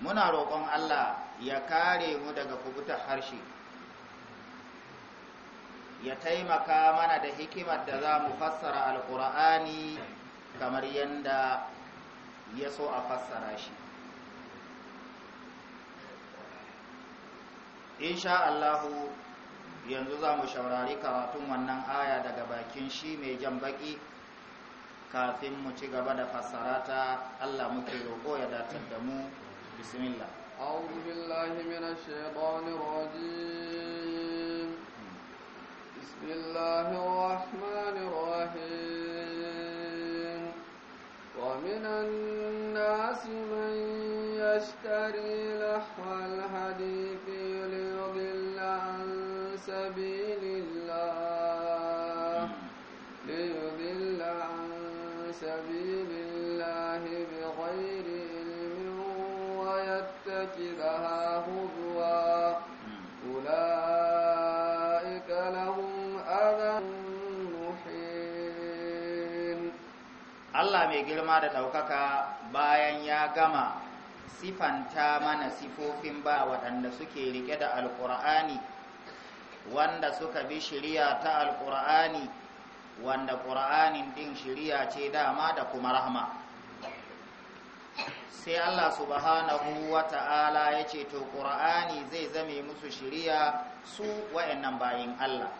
muna roƙon Allah ya kare mu daga kubuta harshe ya taimaka mana da hikimar da za mu fassara alƙur'ani kamar yadda ya so a fassara shi insha Allahu yanzu za mu shaurari karatun wannan aya daga bakin shi mai jan baki kafin mu ci gaba da fassara ta Allah muke roƙo ya datar da mu بسم الله أعوذ بالله من الشيطان الرجيم بسم الله الرحمن الرحيم ومن الناس من يشتري لحو الحديث ليضل عن سبيل Allah mai girma da ɗaukaka bayan ya gama sifanta mana sifofin ba waɗanda suke rike da alƙur'ani wanda suka bi shirya ta alƙur'ani wanda ƙur'anin ɗin shirya ce dama da kuma rahma sai Allah subhanahu wa ta'ala ya ce to ƙur'ani zai zame musu shirya su wa'annan bayin Allah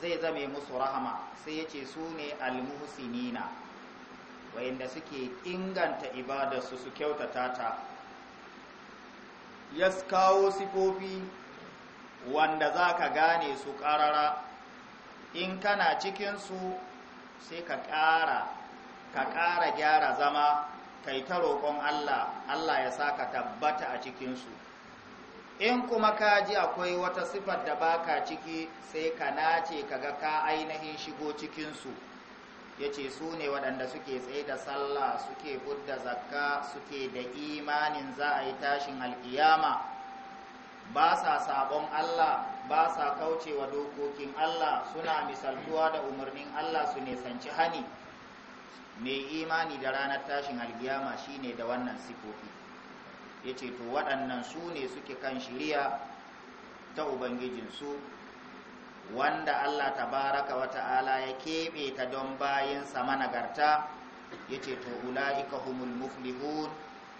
zai zame musu rahama sai ya ce su ne almuhusinina wayanda suke inganta ibadarsu su kyautata ta ya kawo sifofi wanda za ka gane su ƙarara in kana cikinsu sai ka ƙara ka ƙara gyara zama kai ta roƙon Allah Allah ya saka tabbata a cikinsu in kuma ka ji akwai wata sifar da baka ciki sai ka nace kaga ka ainihin shigo cikinsu ya ce su ne waɗanda suke tsaye da sallah suke budda zakka suke da imanin za a yi tashin alkiyama ba sa sabon Allah ba sa kaucewa dokokin Allah suna misaltuwa da umarnin Allah su sanci hani mai imani da ranar tashin alkiyama shine da wannan sifofi ya ce to waɗannan su ne suke kan shirya ta ubangijinsu wanda Allah tabaraka wa ta'ala ya keɓe ta don sama nagarta, ya ce to ula'ika humul muflihun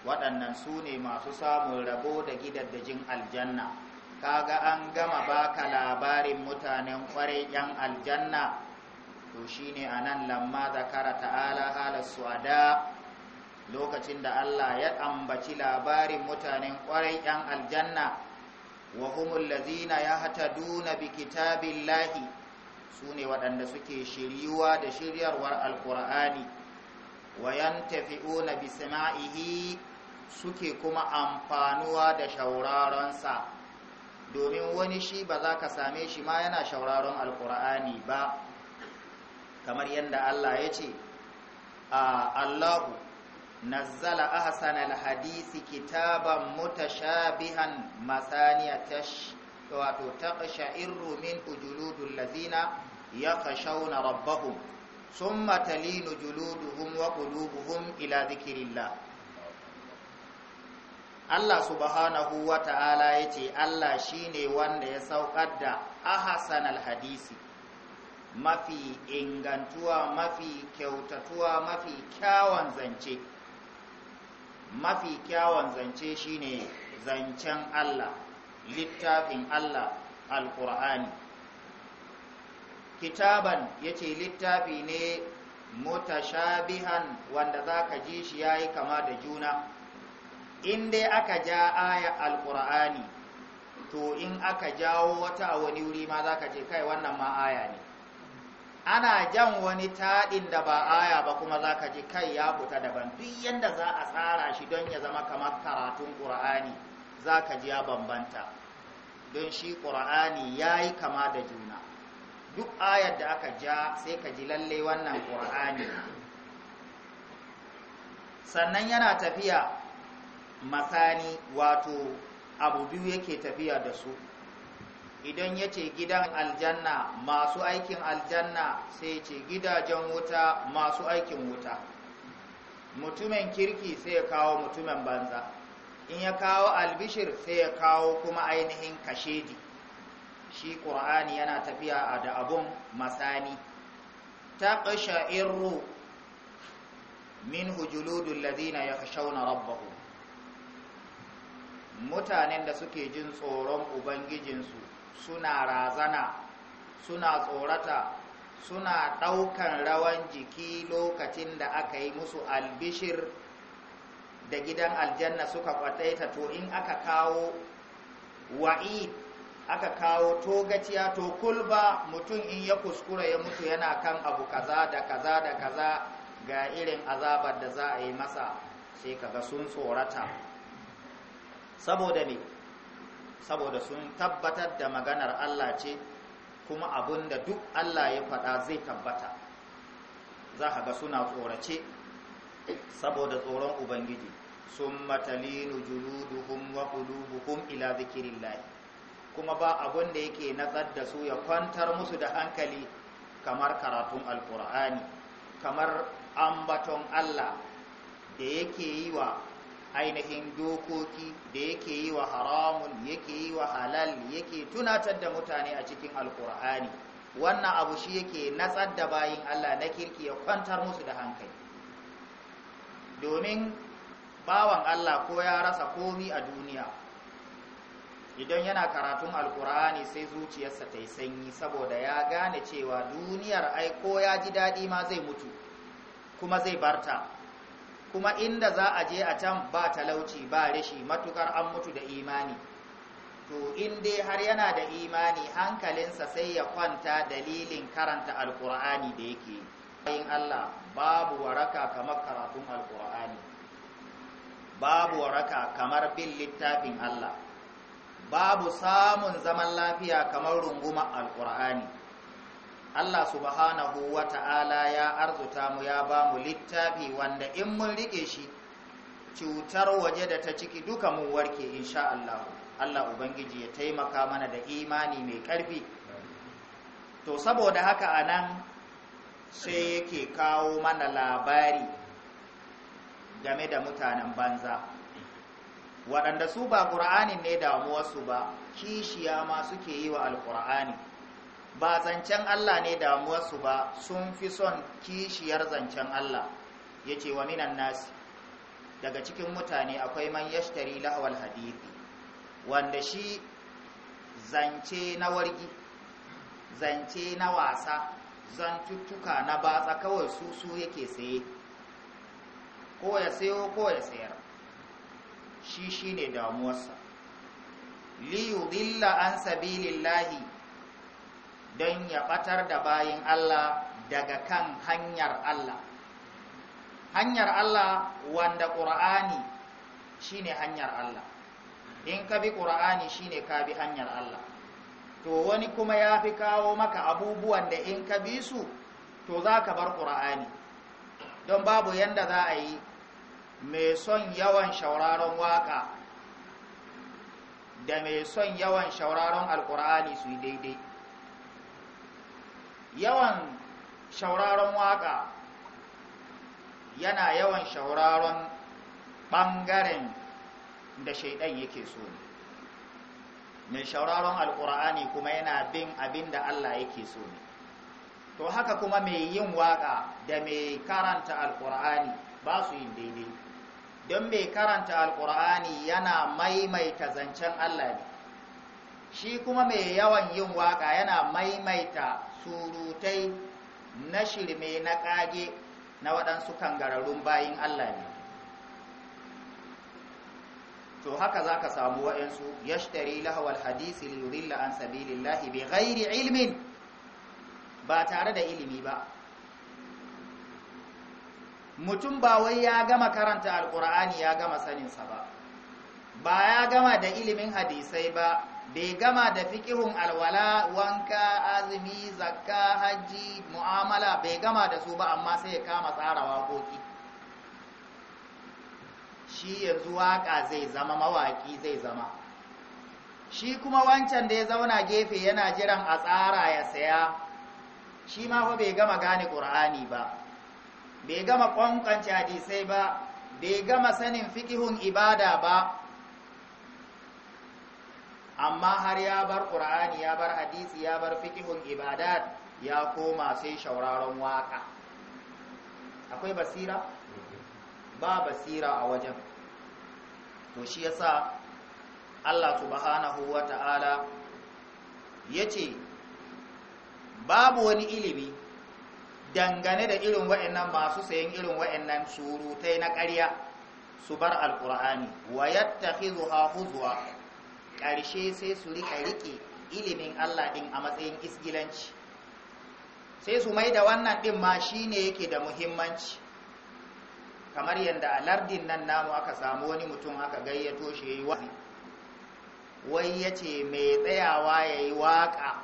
waɗannan su ne masu samun rabo da gidan gidaddajin aljanna kaga an gama baka labarin mutanen kwarai yan aljanna to shine nan lamma zakara ta'ala halar suwada lokacin da Allah ya ambaci labarin mutanen kwarai yan aljanna wa humul ladhina yahtaduna bi kitabillahi sune waɗanda suke shiryuwa da shiryarwar alqur'ani wa yantafi'una bi sama'ihi suke kuma amfanuwa da shauraronsa domin wani shi ba za ka same shi ma yana shauraron alkur'ani ba kamar yadda Allah ya ce a Allahu nazzala ahsana alhadisi kitaban mutashabihan masaniya tash wato taqsha'irru min ujuludul lazina yakhshawna rabbahum thumma talinu juluduhum wa qulubuhum ila dhikrillah Allah subhanahu wa ta'ala yace Allah shine wanda ya saukar da ahsanal hadisi mafi ingantuwa mafi kyautatuwa mafi kyawan zance mafi kyawun zance shine zancen Allah littafin Allah alkur'ani kitaban yace littafi ne mutashabihan wanda zaka ji shi yayi kama da juna in dai aka ja aya alkur'ani to in aka jawo wata a wani wuri ma zaka ce kai wannan ma'aya ne ana jan wani taɗin da ba aya ba kuma za ka ji kai ya fita daban duk yadda za a tsara shi don ya zama kamar karatun ƙura'ani za ka ji ya bambanta don shi ƙura'ani ya yi kama da juna duk ayar da aka ja sai ka ji lalle wannan ƙura'ani sannan yana tafiya masani wato abu biyu yake tafiya da su idan ya ce gidan aljanna masu aikin aljanna sai ce gidajen wuta masu aikin wuta mutumin kirki sai ya kawo mutumin banza in ya kawo albishir sai ya kawo kuma ainihin kashedi shi ƙur'ani yana tafiya a da abun masani ta ƙasha irru min hujuludun lazina ya kashauna rabbahu mutanen da suke jin tsoron ubangijinsu suna razana suna tsorata suna ɗaukan rawan jiki lokacin da aka yi musu albishir da gidan aljanna suka kwataita to in aka kawo wa'id aka kawo togaciya to kulba mutum in ya kuskura ya mutu yana kan abu kaza da kaza da kaza ga irin azabar da za a yi masa sai sun tsorata saboda ne saboda sun tabbatar da maganar Allah ce kuma abun da duk Allah ya faɗa zai tabbata za ka ga suna tsorace saboda tsoron ubangiji sun matalinu juluduhum wa qulubuhum ila zikirillahi kuma ba abun da yake natsar da su ya kwantar musu da hankali kamar karatun alkur'ani kamar ambaton Allah da yake yi wa ainihin dokoki da yake yi wa haramun yake yi wa halal yake tunatar da mutane a cikin alkur'ani wannan abu shi yake natsar da bayin Allah na kirki ya kwantar musu da hankali domin bawan Allah ko ya rasa komi a duniya idan yana karatun alkur'ani sai zuciyarsa ta yi sanyi saboda ya gane cewa duniyar ai ko ya ji daɗi ma zai mutu kuma zai barta kuma inda za a je a can ba talauci ba rashi matukar an mutu da imani to in dai har yana da imani hankalinsa sai ya kwanta dalilin karanta alkur'ani da yake bayin Allah babu waraka kamar karatun alkur'ani babu waraka kamar bin littafin Allah babu samun zaman lafiya kamar runguma alkur'ani Allah subhanahu wa ta'ala ya arzuta mu ya ba mu littafi wanda in mun riƙe shi cutar waje da ta ciki duka mu warke insha Allah Allah ubangiji ya taimaka mana da imani mai ƙarfi to saboda haka anan sai yake kawo mana labari game da mutanen banza waɗanda su ba ƙur'anin ne damuwarsu ba kishiya ma suke yi wa alƙur'ani ba zancen Allah ne damuwarsu ba sun fi son kishiyar zancen Allah ya ce wa minan nasi daga cikin mutane akwai man yashtari lahawal hadithi wanda shi zance na wargi zance na wasa zantuttuka na batsa kawai su su yake saye ko ya sayo ko ya sayar shi shi ne damuwarsa dilla an sabilillahi don ya batar da bayin Allah daga kan hanyar Allah hanyar Allah wanda ƙura'ani shine hanyar Allah in ka bi ƙura'ani shine ka bi hanyar Allah to wani kuma ya fi kawo maka abubuwan da in ka bi su to za ka bar ƙura'ani don babu yanda za a yi mai son yawan shauraron waƙa da mai son yawan shauraron alƙura'ani su yi daidai yawan shauraron waka yana yawan shauraron ɓangaren da shaidan yake so ne mai shauraron alkur'ani kuma yana bin abin da allah yake so ne to haka kuma mai yin waka da mai karanta alkur'ani ba su yin daidai don mai karanta alkur'ani yana maimaita zancen allah ne shi kuma mai yawan yin waka yana maimaita surutai na shirme na ƙage na waɗansu kangararrun bayin Allah ne to haka za ka samu waɗansu yashtari lahawar hadisi lullu an lullahi bai gairi ilmin ba tare da ilimi ba mutum ba wai ya gama karanta alkur'ani ya gama saninsa ba ba ya gama da ilimin hadisai ba bai gama da fikihun alwala wanka azumi zakka hajji mu'amala bai gama da su ba amma sai ya kama tsara waƙoƙi shi yanzu waƙa zai zama mawaƙi zai zama shi kuma wancan da ya zauna gefe yana jiran a tsara ya saya shi ma fa bai gama gane ƙur'ani ba bai gama ƙwanƙwance hadisai ba bai gama sanin fikihun ibada ba amma har ya bar qur'ani ya bar hadisi ya bar fiqhun ibadat ya koma sai shauraron waka akwai basira ba basira a wajen to shi yasa Allah subhanahu ya ce babu wani ilimi dangane da irin wa'annan masu sayan irin wa'annan surutai na ƙarya su bar alqur'ani wa yattakhidhuha ƙarshe sai su rika riƙe ilimin Allah ɗin a matsayin isgilanci sai su mai da wannan ɗin ma shi ne yake da muhimmanci kamar yadda a lardin nan namu aka samu wani mutum aka gayyato shi ya yi wai ya ce mai tsayawa ya yi waƙa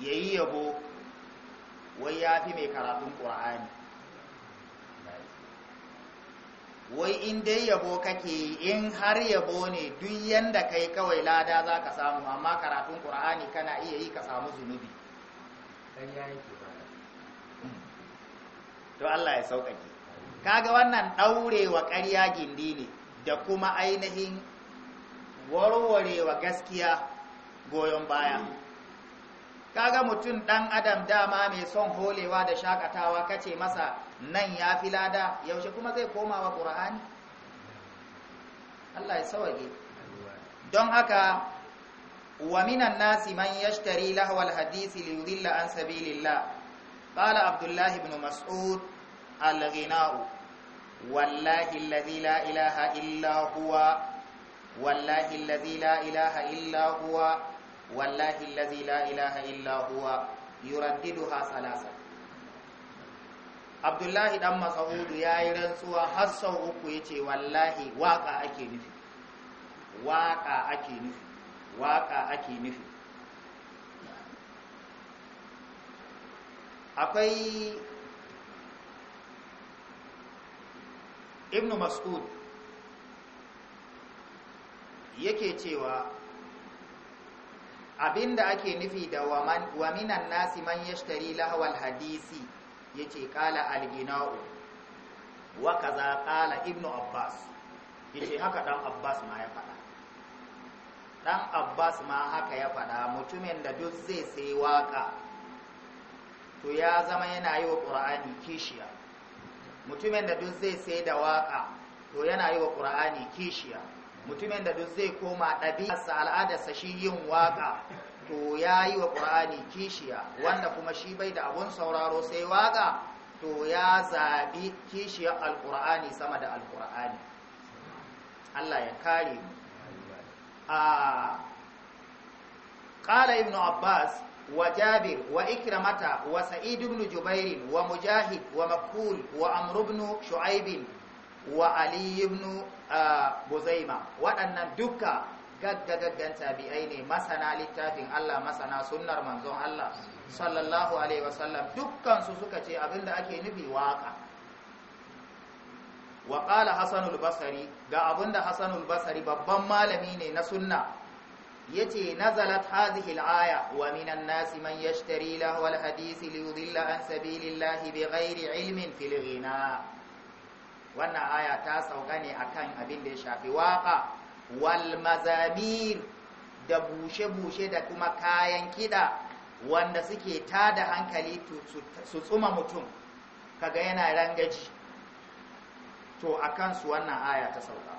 ya yi yabo wai ya fi mai karatun ƙur'ani wai in dai yabo kake in har yabo ne duk yanda kai kawai lada za ka samu amma karatun Kur'ani kana iya yi ka samu zunubi to Allah ya sauƙaƙe kaga wannan ɗaurewa ƙarya gindi ne da kuma ainihin warwarewa gaskiya goyon baya kaga mutum ɗan adam dama mai son holewa da shakatawa kace masa nan ya fi lada yaushe kuma zai koma wa ƙura'ani Allah ya sawage don haka wa minan nasi man yashtari lahwal hadisi li yudilla an sabilillah qala Abdullahi ibn mas'ud al-ghina'u wallahi alladhi la ilaha illa huwa wallahi alladhi la ilaha illa huwa wallahi alladhi la ilaha illa huwa yuraddiduha salasa abdullahi dan matsahudu ya yi rantsuwa har sau uku ya ce wallahi waka ake nufi waka ake nufi waka ake nufi akwai ibnu mas'ud yake cewa abinda ake nufi da waminan nasi man yashtari lahawal hadisi yace qala al-gina'u wa kaza qala ibnu abbas yace haka dan abbas ma ya faɗa dan abbas ma haka ya faɗa mutumin da duk zai sai waka to ya zama yana yi wa qur'ani kishiya mutumin da duk zai sai da waka to yana yi wa qur'ani kishiya mutumin da duk zai koma ɗabi'arsa al'adarsa shi yin waka to ya yi wa ƙur'ani kishiya wanda kuma shi bai da abun sauraro sai waka? to ya zaɓi kishiyar alƙur'ani sama da alƙur'ani Allah ya kare mu a ƙala ibn abbas wa jabir wa ikramata wa sa'id ibn jubair wa mujahid wa makul wa amr ibn shu'aib wa ali ibn eh, buzaima waɗannan duka gaggagaggan tabi'ai ne masana littafin Allah masana sunnar manzon Allah sallallahu alaihi wasallam dukkansu suka ce abinda ake nufi waka wa qala hasanul basri ga abinda hasanul basri babban malami ne na sunna yace nazalat hadhihi al-aya wa minan nasi man yashtari lahu al-hadisi li yudilla an sabilillahi bighairi ilmin fil ghina wannan aya ta sauka ne akan abin da ya shafi waka wal mazamir da bushe-bushe da kuma kayan kida wanda suke tada hankali su tsuma mutum kaga yana rangaji to a kansu wannan aya ta sauka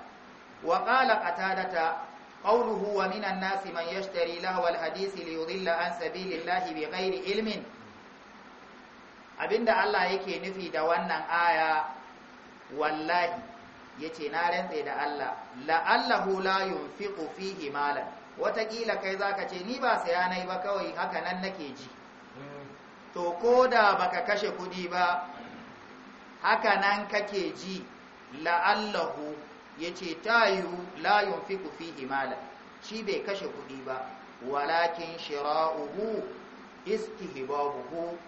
wa ƙala ƙatadata ƙaunuhu wa minan nasi man yashtari lahawar hadisi liyudilla an sabilillahi bi gairi ilmin abinda Allah yake nufi da wannan aya wallahi yace na rantsa da Allah la'allahu la yunfiqu fihi malan watakila kai zaka ce ni ba saya nai ba kawai haka nan nake ji to koda baka kashe kudi ba haka nan kake ji la'allahu yace tayu la yunfiqu fihi malan shi bai kashe kudi ba walakin shira'uhu istihbabuhu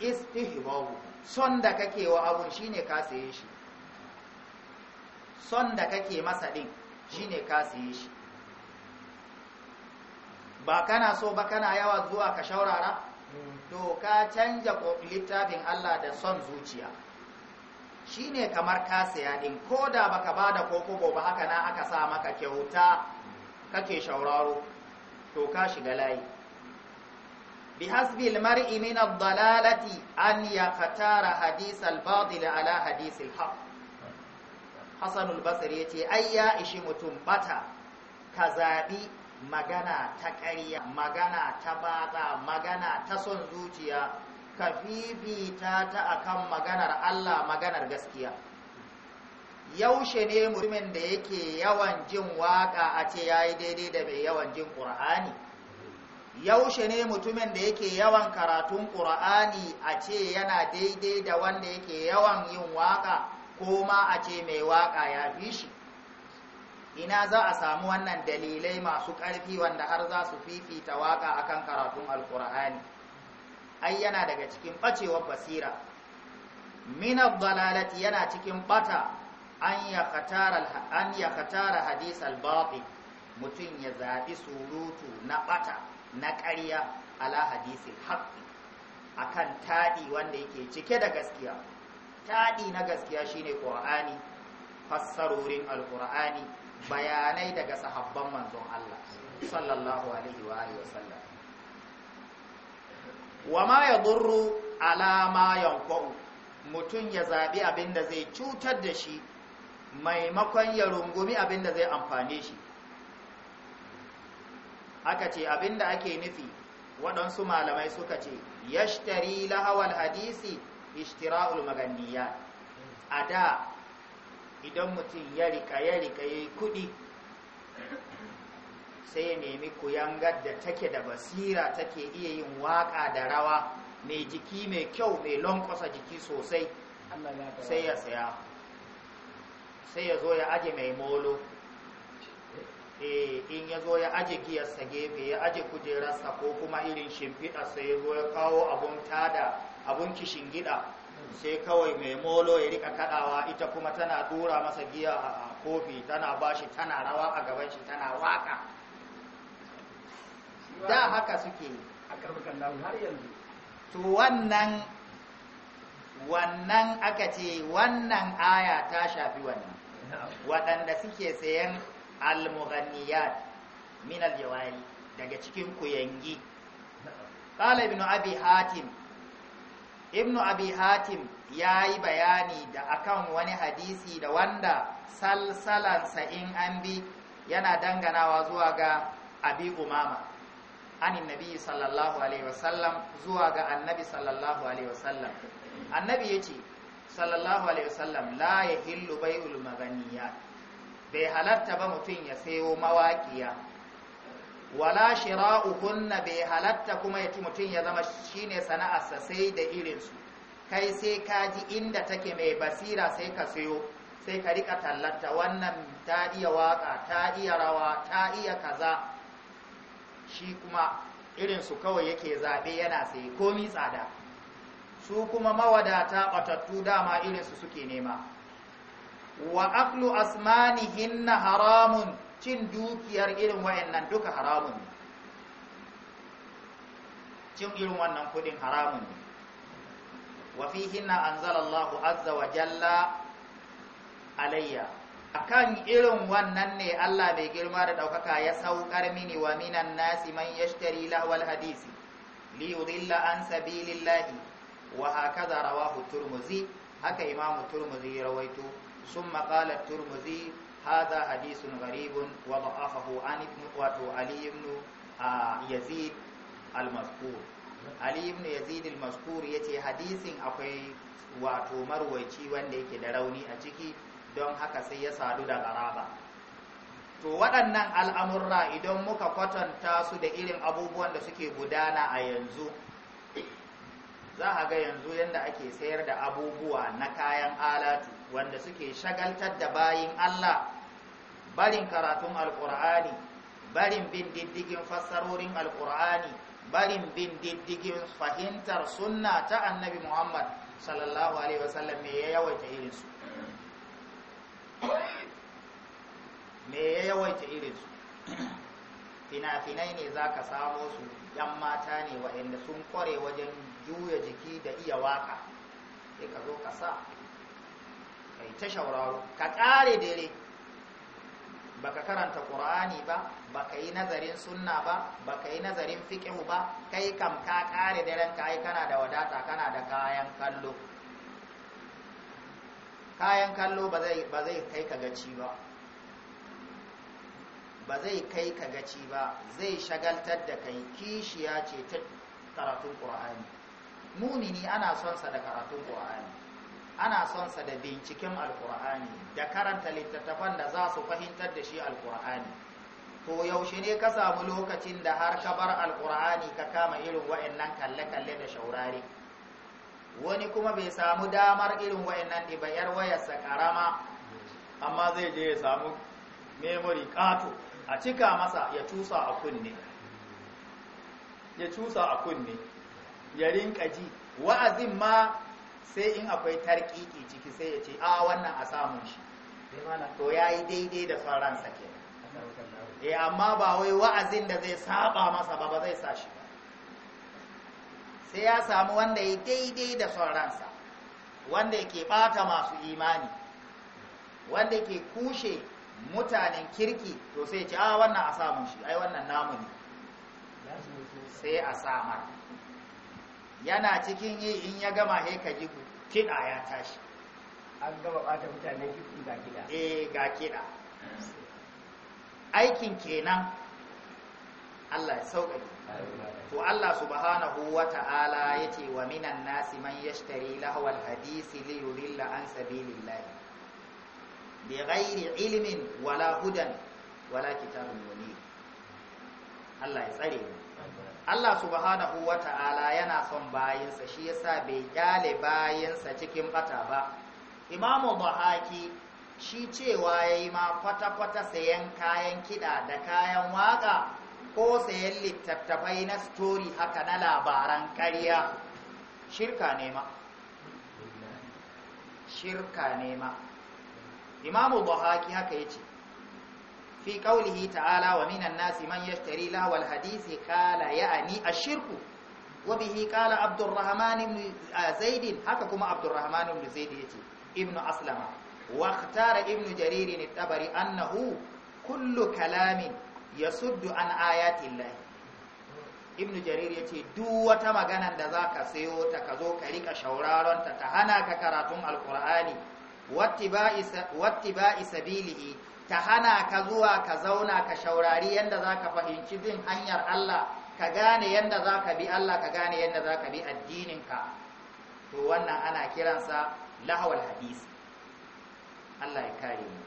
istihbabu son da kake wa abun shine ka saye shi son da kake masa din shine ka siye shi ba kana so ba kana yawa zuwa ka shaurara to ka canja littafin Allah da son zuciya Shi ne kamar ka saya din koda baka bada kokobo ba haka na aka sa maka kyauta kake shauraro to ka shiga layi bi hasbi mar'i min ad-dalalati an yaqtara hadith al-batil ala hadith al-haqq al basri ya ce ai ya ishi mutum bata ka zaɓi magana ta ƙarya magana ta baza magana ta son zuciya ka fifita ta akan maganar allah maganar gaskiya yaushe ne mutumin da yake yawan jin waƙa a ce ya yi daidai da mai yawan jin ƙur'ani yaushe ne mutumin da yake yawan karatun ƙur'ani a ce yana daidai da wanda yake yawan yin waƙa ko ma a ce mai waka ya fi shi ina za a samu wannan dalilai masu ƙarfi wanda har za su fifita waƙa akan karatun alkur'ani ai yana daga cikin ɓacewar basira minar dalalati yana cikin ɓata an ya katara hadis albaɓi mutum ya zaɓi surutu na bata na ƙarya ala hadisin haƙƙi akan taɗi wanda yake cike da gaskiya taɗi na gaskiya shine qur'ani fassarorin alƙur'ani bayanai daga sahabban manzon Allah sallallahu alaihi wa alihi wasallam wa ma yadurru ala ma yanfa'u mutun ya zabi abinda zai cutar da shi maimakon ya rungumi abinda zai amfane shi aka ce abinda ake nufi waɗansu malamai suka ce yashtari lahawal hadisi ishtira'ul maganiyya. a da idan mutum ya rika ya rika ya yi kuɗi sai ya nemi kuyangar da take da basira take iya yin waƙa da rawa mai jiki mai kyau mai lankwasa jiki sosai sai ya saya sai ya zo ya aje mai molo eh, in ya zo ya aje giyarsa gefe ya aje kujerarsa ko kuma irin shimfiɗa sai ya zo ya kawo abun tada abun kishin gida. sai kawai mai molo ya rika kadawa ita kuma tana dura masa giya a kofi tana bashi tana rawa a gaban shi tana waka da haka suke a karbukan har yanzu to wannan wannan aka ce wannan aya ta shafi wannan waɗanda suke sayan almughaniyat min aljawari daga cikin kuyangi qala abi hatim ibnu abi hatim ya yi bayani da akan wani hadisi da wanda salsalansa in an bi yana danganawa zuwa ga abi umama anin nabi sallallahu alaihi wasallam zuwa ga annabi sallallahu alaihi wasallam annabi ya ce sallallahu alaihi wasallam la ya hillu bai ulmaganiya, bai halarta ba mutum ya sayo mawaƙiya wala shira'uhunna bai halatta kuma ya mutum ya zama shine sana'arsa sai da irin su. kai sai ka ji inda take mai basira sai ka sayo sai ka rika tallata wannan ta iya waka ta iya rawa ta iya kaza shi kuma irin su kawai yake zaɓe yana sai komi tsada su kuma mawadata ɓatattu dama irin su suke nema wa aklu asmanihinna haramun cin dukiyar irin wayannan duka haramun ne cin irin wannan kudin haramun ne wa anzalallahu azza wa jalla alayya akan irin wannan ne Allah bai girma da ɗaukaka ya saukar mini wa minan nasi man yashtari lahwal hadisi li yudilla an sabilillahi wa hakaza rawahu turmuzi haka imamu turmuzi rawaito Sun qala turmuzi هذا حديث غريب وضعفه عن ابن علي بن يزيد المذكور علي بن yace hadisin akwai wato marwaci wanda yake da rauni a ciki don haka sai ya sadu da garaba to waɗannan al'amurra idan muka kwatanta su da irin abubuwan da suke gudana a yanzu za a ga yanzu yadda ake sayar da abubuwa na kayan alatu wanda suke shagaltar da bayin Allah barin karatun alkur'ani barin bin diddigin fassarorin alkur'ani barin bin diddigin fahimtar sunna ta annabi muhammad sallallahu alaihi wasallam me ya yawaita irinsu me ya yawaita irinsu fina-finai ne za ka samo su yan mata ne waɗanda sun kware wajen juya jiki da iya waka sai ka zo ka sa kai ta shauraro ka ƙare dare baka karanta qur'ani ba baka yi nazarin sunna ba baka yi nazarin fiqh ba kai kam ka kare daren ka ai kana da wadata kana da kayan kallo kayan kallo ba zai ba zai kai ka gaci ba ba zai kai ka gaci ba zai shagaltar da kai kishiya ce ta karatun qur'ani mumini ana son sa da karatun qur'ani ana son sa da binciken alkur'ani da karanta littattafan da za su fahimtar da shi alkur'ani to yaushe ne ka samu lokacin da har ka bar alkur'ani ka kama irin wa'annan kalle-kalle da shaurare? wani kuma bai samu damar irin wa'annan 'yar wayarsa karama amma zai je ya samu memory kato a cika masa ya cusa a kunne ya tusa a kunne ya rinka ji wa'azin ma sai in akwai tarkiki ciki sai ya ce a wannan a samun shi to ya yi daidai da son ransa ke e amma ba wai wa'azin da zai saba masa ba ba zai sa shi ba sai ya samu wanda ya daidai da son ransa wanda ke bata masu imani wanda ke kushe mutanen kirki to sai ce a wannan a samun shi ai wannan namu ne sai a samar yana cikin yi in ya gama he ka ji kiɗa ya tashi an gaba ɓata mutanen kiɗi ga kiɗa eh ga kiɗa aikin kenan Allah ya sauƙaƙe to Allah subhanahu wa ta'ala ya ce wa minan nasi man yashtari lahawar hadisi li yurilla an sabilillah bi ghairi ilmin wala hudan wala kitabun munir Allah ya tsare mu Allah subhanahu wa ta'ala yana son bayinsa, shi yasa bai kyale bayinsa cikin fata ba imamu Buhari shi cewa ya yi ma kwata-kwata sayan kayan kiɗa da kayan waka ko sayan littattafai na story haka na labaran ƙarya shirka ne ma shirka ne ma imamu Buhari haka ya ce fi qawlihi ta'ala wa minan nasi man yashtari lahwal hadisi qala ya'ni ashirku wa bihi qala abdurrahman ibn ah, zaid haka kuma abdurrahman ibn zaid yace ibn aslama wa ikhtara ibn jarir at-tabari annahu kullu kalamin yasuddu an ayati llah ibn jarir yace duk wata magana da zaka sayo ta kazo ka rika shauraron ta ta hana ka karatun alqur'ani wattiba'i wattiba'i sabilihi ta hana ka zuwa ka zauna ka shaurari yadda za ka fahimci bin hanyar Allah ka gane yadda za ka bi Allah ka gane yadda za ka bi addininka to wannan ana kiransa lahawar hadisi Allah ya kare mu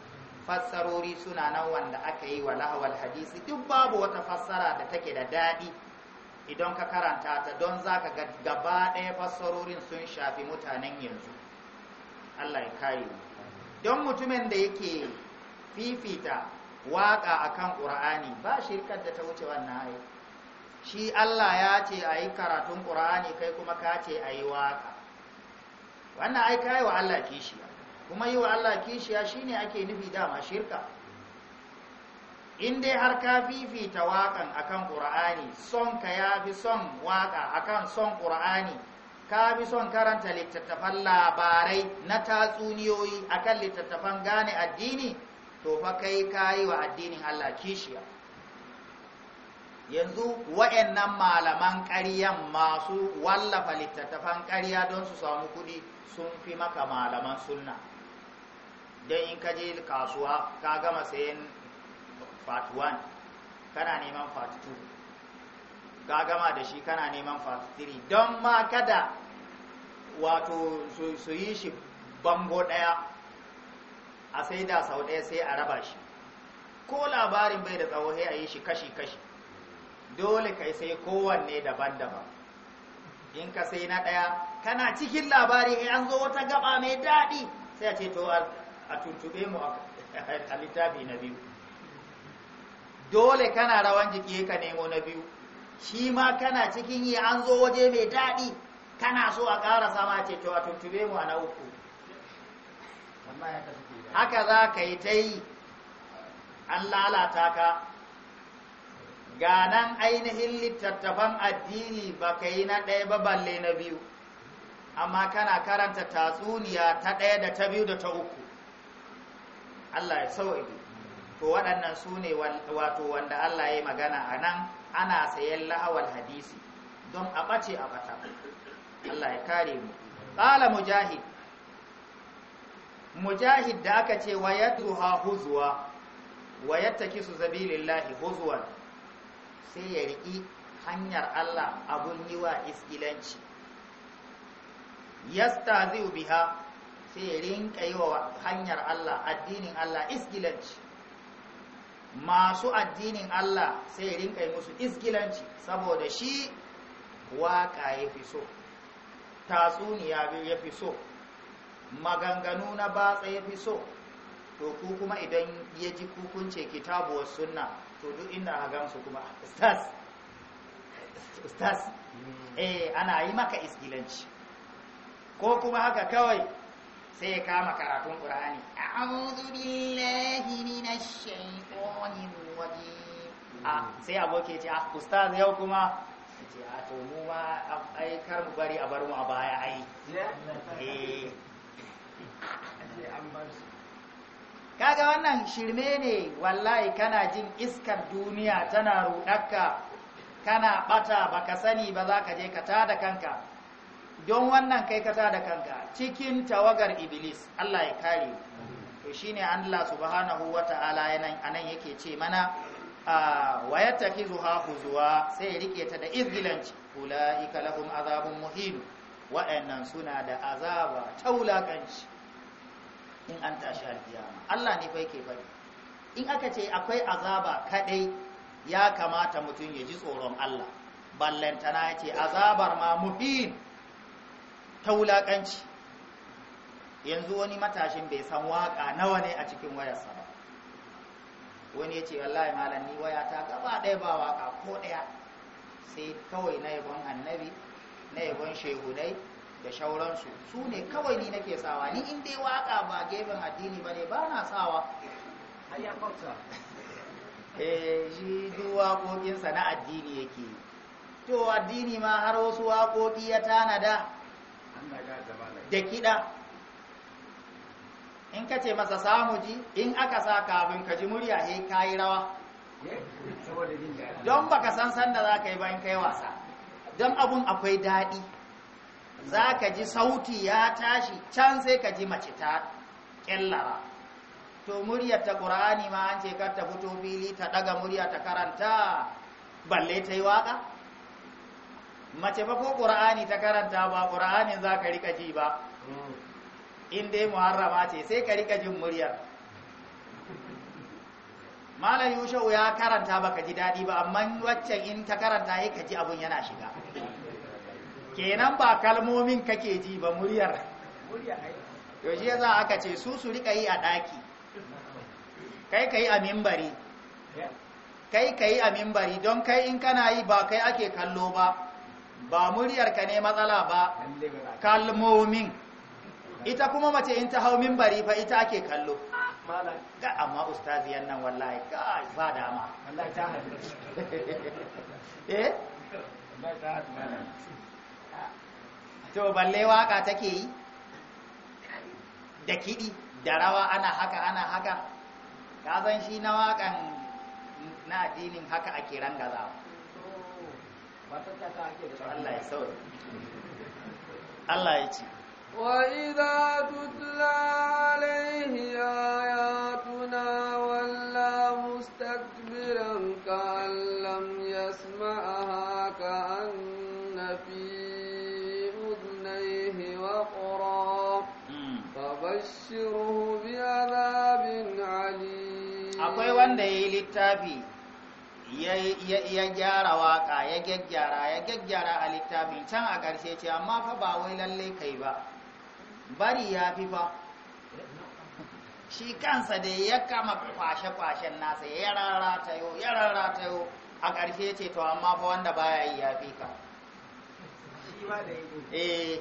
fassarori suna nan wanda aka yi wa lahawar hadisi duk babu wata fassara da take da daɗi idan ka karanta ta don za ka gaba ɗaya fassarorin sun shafi mutanen yanzu Allah ya kare mu don mutumin da yake fifita waƙa akan qur'ani ba shirkar da ta wuce wannan ai shi Allah ya ce ayi karatun qur'ani kai kuma ka ce ayi waka wannan ai kai wa Allah kishiya kuma yi wa Allah kishiya shine ake nufi dama shirka in dai har ka fifita waƙan akan ƙur'ani son ka ya fi son waƙa akan son ƙur'ani ka fi son karanta littattafan labarai na tatsuniyoyi akan littattafan gane addini to fa kai kayi wa addinin Allah kishiya yanzu wa'annan malaman ƙaryan masu wallafa littattafan ƙarya don su samu kuɗi sun fi maka malaman sunna don in ka je kasuwa ka gama sayan part 1 kana neman part 2 ka gama da shi kana neman part 3 don ma kada wato su yi shi bango ɗaya a sai da sau ɗaya sai a raba shi ko labarin bai da tsawo sai a yi shi kashi-kashi dole kai sai kowanne daban-daban in ka sai na ɗaya kana cikin labari sai an zo wata gaba mai daɗi sai a ce to a tuntube mu a littafi na biyu dole kana rawan jiki ka nemo na biyu shi ma kana cikin yi an zo waje mai daɗi kana so a ƙara sama ce to a tuntube mu a na uku haka za ka yi ta yi an lalata ka ganan ainihin littattafan addini ba ka yi na ɗaya ba balle na biyu amma kana karanta tatsuniya ta ɗaya da ta biyu da ta uku Allah ya sauƙi to waɗannan su ne wato wanda Allah ya yi magana a nan ana sayan lahawar hadisi don a ɓace a ɓata Allah ya kare mu ƙala mujahid mujahid da aka ce wa yadruha huzuwa wa su zabilillahi huzwan sai ya riƙi hanyar Allah abun yiwa iskilanci yastaziu biha sai ya rinka yi hanyar Allah addinin Allah iskilanci masu addinin Allah sai ya rinka yi musu iskilanci saboda shi waka ya fi so tatsuniya ya fi so maganganu na ba ya fi so to ku kuma idan ya ji kukunce kitabuwar sunna to duk inda a gamsu kuma stars, stars, hmm. eh ana yi maka iskilanci, ko kuma haka kawai sai ya kama karatun qur'ani a'udhu ne na shaikonin waje. a sai aboke ce a ah, ustaz yau kuma ce a ah, to mu ma ai kar mu bari a bar mu a baya ai eh kaga wannan shirme ne wallahi kana jin iskar duniya tana ruɗaka? kana bata baka sani ba za ka je ka tada kanka don wannan kai ka da kanka cikin tawagar iblis Allah ya kare to shine Allah subhanahu wata'ala yanan anan yake ce mana ah, wa yattakhizuha huzwa sai ya rike ta da izgilanci ulaika lahum azabun muhin wa'annan suna da azaba taulakanci in an tashi alkiyama Allah ne bai ke faɗi in aka ce akwai azaba kadai ya kamata mutum ya ji tsoron Allah ballantana ya ce azabar ma muhin ta wulaƙanci yanzu wani matashin bai san waƙa nawa ne a cikin wayarsa ba wani ya ce wallahi malam ni waya ta gaba ɗaya ba waƙa ko ɗaya sai kawai na yabon annabi na yabon shehudai da shauransu su ne kawai ni nake sawa ni in dai waka ba gefen addini ba ne ba na sawa eh shi duk waƙoƙinsa na addini yake to addini ma har wasu waƙoƙi ya tanada da kiɗa in ka ce masa samu ji in aka sa kafin ka ji murya he ka yi rawa eh, don baka san sanda za ka yi bayan kai wasa don abun akwai daɗi za ka ji sauti ya tashi can sai ka ji mace ta ƙyallara to muryar ta ƙorani ma an ce kar ta fito fili ta ɗaga murya ta karanta balle ta yi waƙa mace ba ko ta karanta ba ƙoranin za ka rika ji ba in dai muharrama ce sai ka rika jin muryar malam yushau ya karanta ba ka ji daɗi ba amma waccan in ta karanta ya ka ji abun yana shiga kenan ba kalmomin kake ji ba muryar yaushe ya za aka ce su su rika yi a ɗaki kai ka yi a mimbari kai ka yi a mimbari don kai in kana yi ba kai ake kallo ba ba muryar ka ne matsala ba kalmomin ita kuma mace in ta hau mimbari fa ita ake kallo ga amma ustazi nan wallahi ga ba dama wallahi eh to balle waka take yi da kiɗi da rawa ana haka ana haka ka zan shi na wakan na addinin haka ake rangazawa Allah ya sauri Allah ya ce وإذا تتلى عليه آياتنا ولا مستكبرا كأن bi بعذاب عليم akwai wanda yayi littafi ya gyara waka ya gyaggyara ya gyaggyara a littafi can a ƙarshe ce amma fa ba wai lalle kai ba bari ya fi fa shi kansa da ya kama kwashe-kwashen nasa ya ta yau ya ta yau a ƙarshe ce to amma fa wanda baya yi ya fi ka eh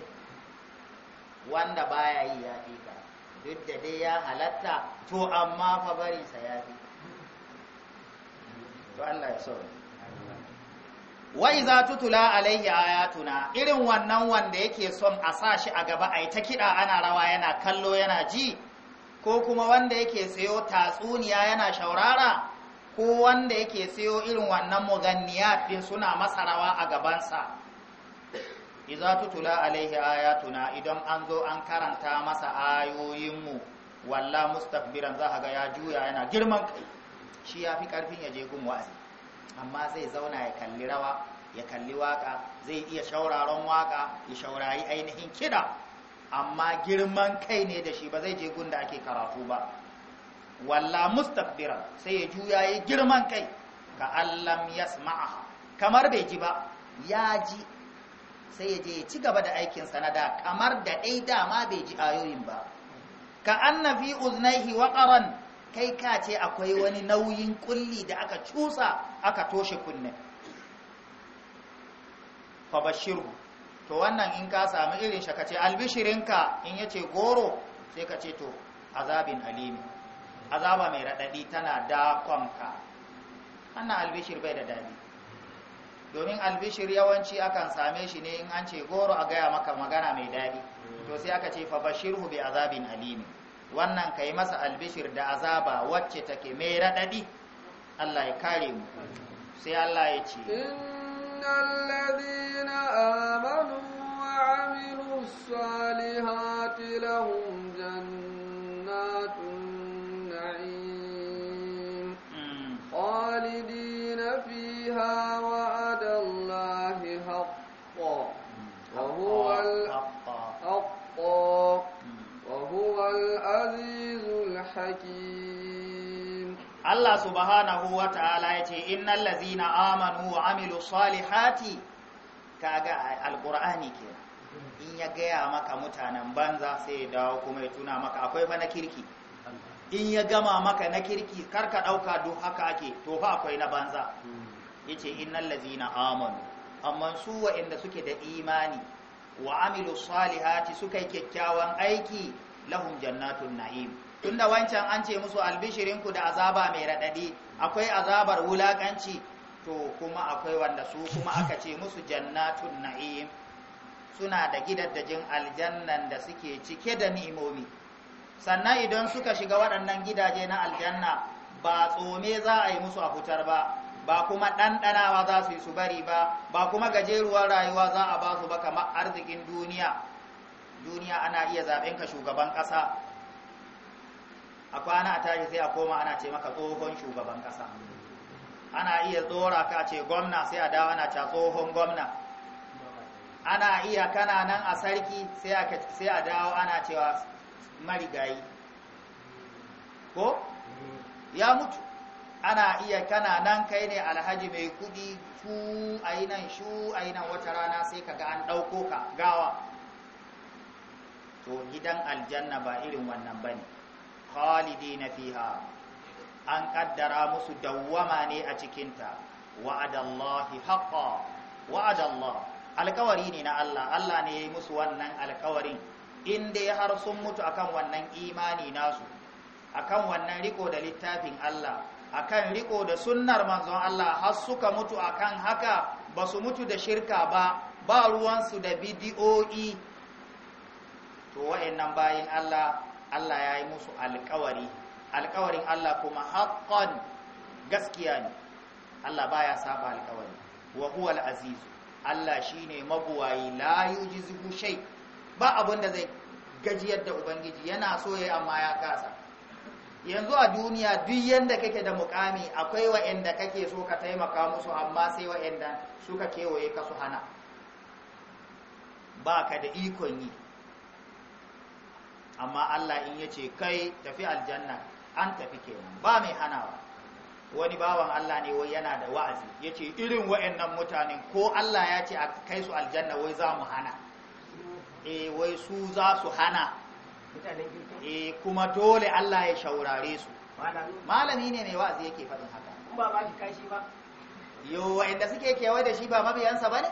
wanda baya yi ya fi ka duk da dai ya halatta to amma fa bari sa ya fi to Allah ya so wa iza tutula alayhi ayatuna irin wannan wanda yake son a sa shi a gaba ai ta kida ana rawa yana kallo yana ji ko kuma wanda yake sayo tatsuniya yana shaurara ko wanda yake sayo irin wannan muganniya din suna masa rawa a gabansa iza tutula alaihi ayatuna idan an zo an karanta masa ayoyinmu walla mustakbiran za ga ya juya yana girman kai shi ya fi karfin ya je gun wa'azi amma zai zauna ya kalli rawa ya kalli waka zai iya shauraron waka ya shaurayi ainihin kiɗa amma girman kai ne da shi ba zai je gun da ake karatu ba walla mustakbiran sai ya juya ya girman kai ka allam yasma'a kamar bai ji ba ya ji sai ya je ya ci gaba da aikin sanada kamar da dai dama bai ji ayoyin ba ka anna fi uznaihi waqaran kai ka ce akwai wani nauyin kulli da aka cusa aka toshe kunne fa bashiru to wannan in ka samu irin shi ce albishirinka in yace goro sai ka ce to azabin alimi azaba mai radadi tana dakonka ana albishir bai da dadi domin albishir yawanci akan same shi ne in an ce goro a gaya maka magana mai daɗi to sai aka ce fabashirhu bi azabin alimi wannan ka yi masa albishir da azaba wacce take mai raɗaɗi Allah ya kare mu sai Allah ya ce innal ladina amanu wa amilus salihati lahum jannatun na'im fi hmm. fiha Allah subhanahu wa ta'ala ya ce innal lazina amanu wa amilu salihati ga al’ur'ani ke in ya gaya maka mutanen banza sai ya dawo kuma ya tuna maka akwai fa na kirki in ya gama maka na kirki karka ɗauka duk haka ake to ba akwai na banza yace innal lazina amanu amma su inda suke da imani wa amilu salihati suka yi kyakkyawan aiki lahum jannatun na'im tunda wancan an ce musu ku da azaba mai raɗaɗi akwai azabar wulakanci. to kuma akwai wanda su kuma aka ce musu jannatun na'im suna da gidaddajin aljannan da suke cike da ni'imomi sannan idan suka shiga waɗannan gidaje na aljanna ba tsome za a yi musu a fitar ba ba kuma ɗanɗanawa za su yi su bari ba ba kuma gajeruwar rayuwa za a ba su ba kamar arzikin duniya duniya ana iya zaɓen ka shugaban ƙasa a kwana a tashi sai a koma ana ce maka tsohon shugaban kasa ana iya tsora ka ce gwamna sai a dawa ana ca tsohon gwamna ana iya kana nan a sarki sai a dawo ana cewa marigayi ko ya mutu ana iya kana nan kai ne alhaji mai kudi tu nan shu nan wata rana sai ka ga an ɗauko ka gawa to gidan aljanna ba irin wannan ba ne. khalidina fiha an ƙaddara musu dawwama ne a cikinta wa'adallahi haqqan wa'adallah alkawari ne na Allah Allah ne ya yi musu wannan alkawarin in dai har sun mutu akan wannan imani nasu akan wannan riko da littafin Allah akan riko da sunnar manzon Allah har suka mutu akan haka ba su mutu da shirka ba ba ruwansu da bidiyo'i to wa'annan bayin Allah Allah ya yi musu alkawari alkawarin Allah kuma haqqan gaskiya ne Allah baya saba alkawari wa huwa al’azizu Allah shine mabuwayi la yujizu shai. ba abinda zai gajiyar da ubangiji yana so ya amma ya kasa yanzu a duniya duk yadda kake da mukami akwai wa'anda kake so ka taimaka musu amma sai wa'anda suka kewaye ka su hana ba ka da ikon yi amma Allah in ya ce kai tafi aljanna an tafi kenan ba mai hanawa wani bawan Allah ne wai yana da wa'azi ya ce irin wa'annan mutanen ko Allah ya ce a kai su aljanna wai za mu hana e wai su za su hana e kuma dole Allah ya shaurare su malami ne mai wa'azi yake faɗin haka ba ba ki kashi ba yo wa'anda suke kewaye da shi ba mabiyansa ba ne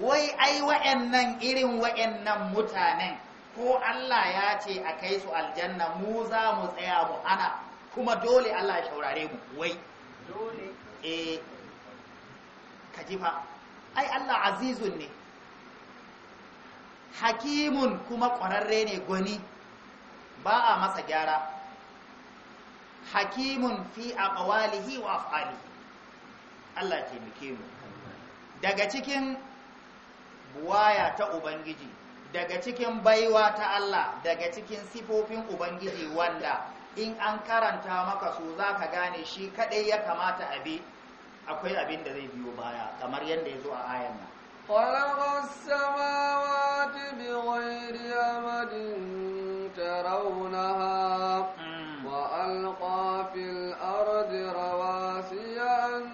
wai ai wa'annan irin wa'annan mutanen ko Allah ya ce a kai su aljanna mu za mu tsaya mu hana kuma dole Allah ya shaurare mu wai dole eh ka fa. ai Allah azizun ne hakimun kuma ƙwararre ne gwani ba a masa gyara hakimun fi a ƙawalihi wa afali Allah taimake mu daga cikin buwaya ta ubangiji daga cikin baiwa ta Allah daga cikin sifofin ubangiji wanda in an karanta maka su za ka gane shi kadai ya kamata abi akwai abin da zai biyo baya kamar yadda ya zo a ayan nan خلق السماوات بغير أمد ترونها وألقى في الأرض رواسي أن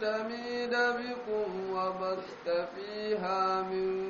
تميد بكم وبث فيها من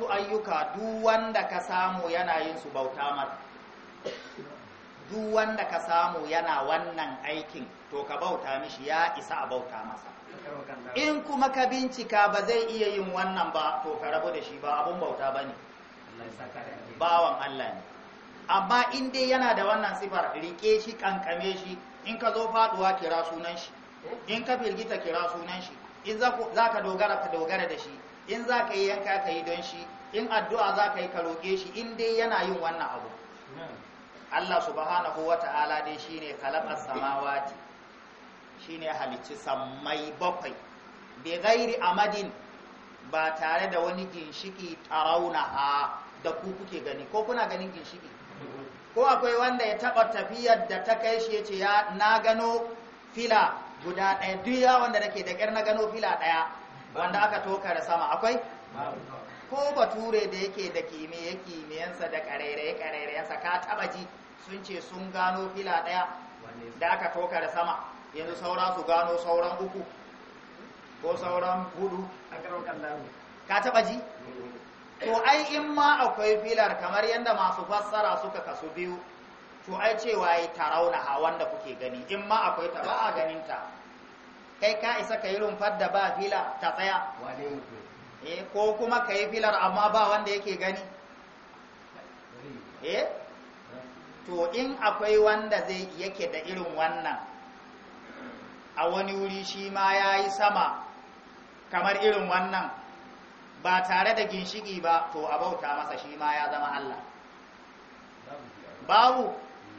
wasu ayyuka duk wanda ka samu yana yin su bauta mata duk wanda ka samu yana wannan aikin to ka bauta mishi ya isa a bauta masa in kuma ka bincika ba zai iya yin wannan ba to ka rabu da shi ba abun bauta ba ne bawan Allah ne amma in dai yana da wannan sifar rike shi kankame shi in ka zo faduwa kira sunan shi in ka firgita kira sunan shi in za ka dogara ka dogara da shi in za ka yi yanka ka yi don shi in addu'a za ka yi ka roƙe shi in dai yana yin wannan abu Allah subhanahu wa ta'ala dai shi ne kalabar samawati shi ne halicci sammai bakwai bai gairi amadin ba tare da wani ginshiki tarauna a da ku kuke gani ko kuna ganin ginshiki ko akwai wanda ya taɓa tafiyar da ta kai shi ya ce ya na gano fila guda ɗaya duk yawon da nake da ƙyar na gano fila ɗaya wanda aka da sama akwai ko bature da yake da kimiyya kimiyyansa da karairaye karairayensa ka taba ji sun ce sun gano fila daya da aka da sama yanzu saura su gano sauran uku ko sauran hudu ka taba ji mm-hmm. to ai in ma akwai filar kamar yadda masu fassara suka kasu biyu to ai cewa yi tarauna ha wanda kuke gani in ma akwai ta ba a ganinta kai ka isa ka yi rumfar da ba fila ta tsaya e ko kuma ka yi filar amma ba wanda yake gani E to in akwai wanda zai yake da irin wannan a wani wuri shi ma ya yi sama kamar irin wannan ba tare da ginshiki ba to a bauta masa shi ma ya zama Allah babu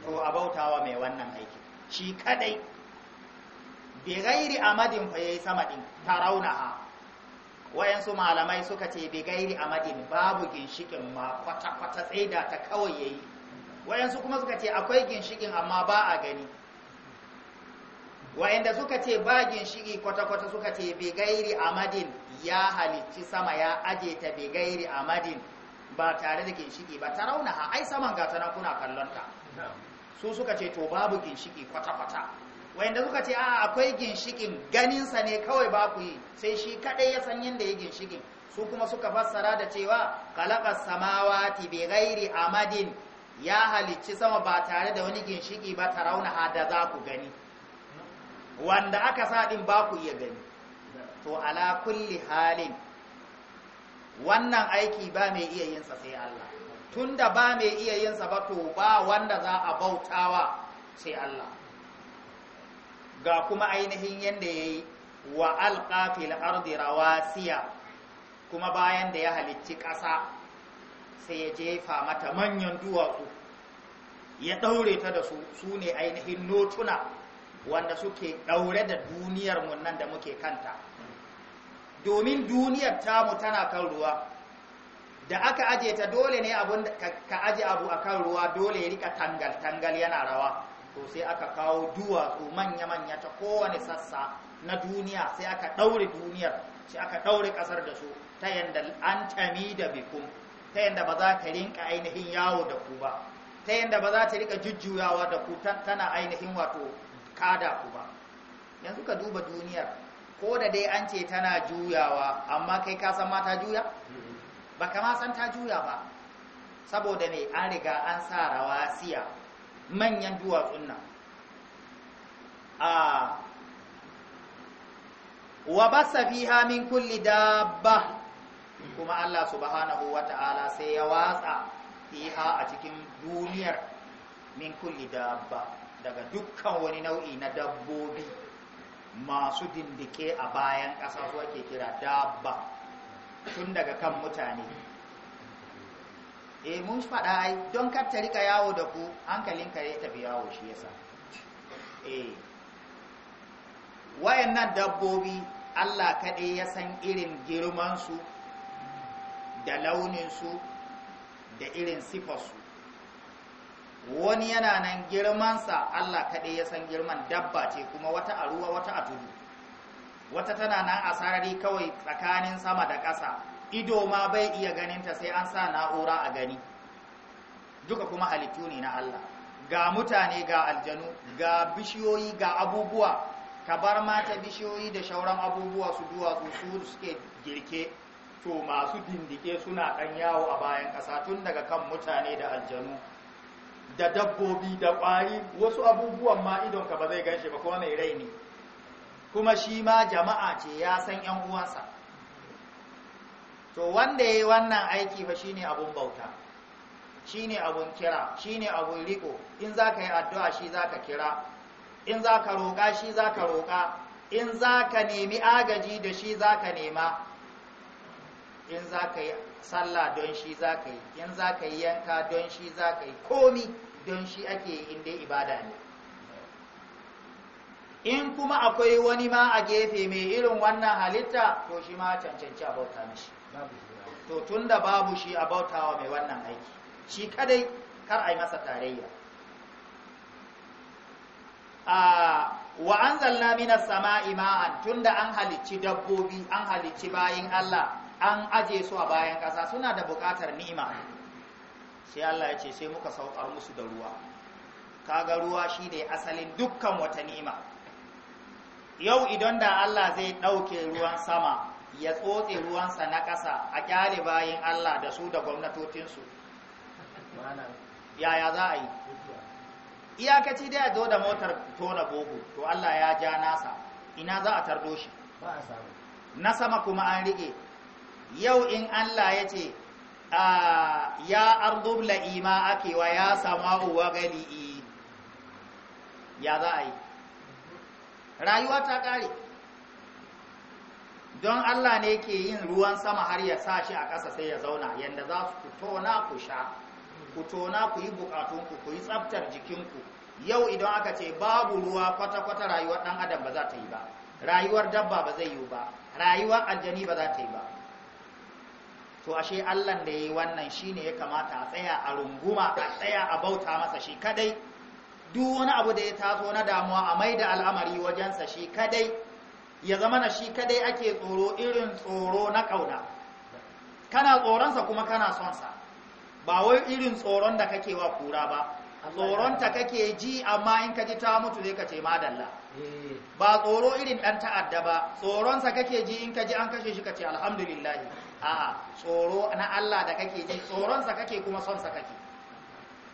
to a bautawa mai wannan aiki shi kadai bi gairi amadin fa yayi sama din tarawnaha wayansu malamai suka ce bi gairi amadin babu ginshikin ma kwata kwata tsaida ta kawai yayi wayansu kuma suka ce akwai ginshikin amma ba a gani wayanda suka ce ba ginshiki kwata kwata suka ce bi gairi amadin ya halicci sama ya aje ta bi gairi amadin ba tare da ginshiki ba tarawnaha ai saman ga na kuna kallon ta su suka ce to babu ginshiki kwata kwata wanda suka ce a akwai ginshikin ganinsa ne kawai ba ku yi sai shi kadai ya san yadda ya ginshikin su kuma suka fassara da cewa kalakar samawati bai gairi amadin ya halicci sama ba tare da wani ginshiki ba ta rauna hada za ku gani wanda aka sa din ba ku iya gani to ala kulli halin wannan aiki ba mai iya yinsa sai Allah tunda ba mai iya yinsa ba to ba wanda za a bautawa sai Allah ga kuma ainihin yadda ya yi wa alƙafil ardi rawasiya kuma bayan da ya halicci ƙasa sai ya jefa mata manyan duwatsu ya ɗaure ta da su su ne ainihin notuna wanda suke ɗaure da duniyar mu nan da muke kanta domin duniyar tamu tana kan ruwa da aka aje ta dole ne ka aje abu akan ruwa dole ya rika tangal-tangal yana rawa to sai aka kawo duwatsu manya-manya ta kowane sassa na duniya sai aka ɗaure duniyar sai aka ɗaure ƙasar da su ta yadda an tami da bikum ta yadda ba za ta rinka ainihin yawo da ku ba ta yadda ba za ta rika jujjuyawa da ku tana ainihin wato kada ku ba yanzu ka duba duniyar ko da dai an ce tana juyawa amma kai ka san ma ta juya mm-hmm. ba ka ma san ta juya ba saboda ne an riga an sa rawa siya. manyan duwatsun nan a wa basa fiha min kulli dabba kuma Allah subhanahu ta'ala sai ya watsa fiha a cikin duniyar min kulli dabba daga dukkan wani nau'i na dabbobi masu dindike a bayan ƙasa su ake kira dabba tun daga kan mutane eh mun faɗa ai don kar ta rika yawo da ku hankalin ka ya tafi yawo shi yasa eh wayannan dabbobi Allah kaɗai ya san irin girmansu da launinsu da irin sifarsu wani yana nan girmansa Allah kaɗai ya san girman dabba ce kuma wata a ruwa wata a tudu wata tana nan a sarari kawai tsakanin sama da ƙasa ido ma bai iya ganinta sai an sa na'ura a gani duka kuma halittu ne na Allah ga mutane ga aljanu ga bishiyoyi ga abubuwa ka bar mata bishiyoyi da shauran abubuwa su duwatsu su suke girke to masu dindike suna ɗan yawo a bayan ƙasa tun daga kan mutane da aljanu da dabbobi da ƙwari wasu abubuwan ma ka ba zai ganshi ba kuma mai rai ne kuma shi ma jama'a ce ya san 'yan uwansa to wanda ya yi wannan aiki fa shine abun bauta shine abun kira shine abun riko in za ka yi addu'a shi za ka kira in za ka roƙa shi za ka roƙa in za ka nemi agaji da shi za ka nema in za ka yi sallah don shi za ka yi in za ka yi yanka don shi za ka yi komi don shi ake yi inda ibada ne in kuma akwai wani ma a gefe mai irin wannan halitta to shi ma cancanci abauta mishi to tun da babu shi a bautawa mai wannan aiki shi kadai kar a yi masa tarayya a wa an sama'i ma'an tun da an halicci dabbobi an halicci bayin Allah an aje su a bayan ƙasa suna da buƙatar ni'ima sai Allah ya ce sai muka saukar musu da ruwa kaga ruwa shi ne asalin dukkan wata ni'ima yau idan da Allah zai ɗauke ruwan sama ya tsotse ruwansa na ƙasa a ƙyale bayan Allah da su da gwamnatocinsu yaya za a yi iyakaci dai a zo da motar tona gogo to Allah ya ja nasa ina za a tardo shi na sama kuma an riƙe yau in Allah ya ce ya ardu la'ima ake wa ya sama'u wa gali'i ya za a yi rayuwa ta ƙare don Allah ne ke yin ruwan sama har ya sa shi a ƙasa sai ya zauna yadda za ku tona ku sha ku tona ku yi bukatunku ku yi tsaftar jikinku yau idan aka ce babu ruwa kwata-kwata rayuwar ɗan adam ba za ta yi ba rayuwar dabba ba zai yi ba rayuwar aljani ba za ta yi ba to ashe Allah da ya yi wannan ne ya kamata a tsaya a runguma a tsaya a bauta masa shi kadai duk wani abu da ya taso na damuwa a mai da al'amari wajensa shi kadai ya zama na shi kadai ake tsoro irin tsoro na ƙauna kana tsoronsa kuma kana sonsa ba wai irin tsoron da kake wa kura ba tsoronta kake ji amma in ka ta mutu zai ka ce madalla eh. ba tsoro irin ɗan ta'adda ba tsoronsa kake ji in ka an kashe shi ka ce alhamdulillahi a'a tsoro na Allah da kake ji tsoronsa kake kuma sonsa kake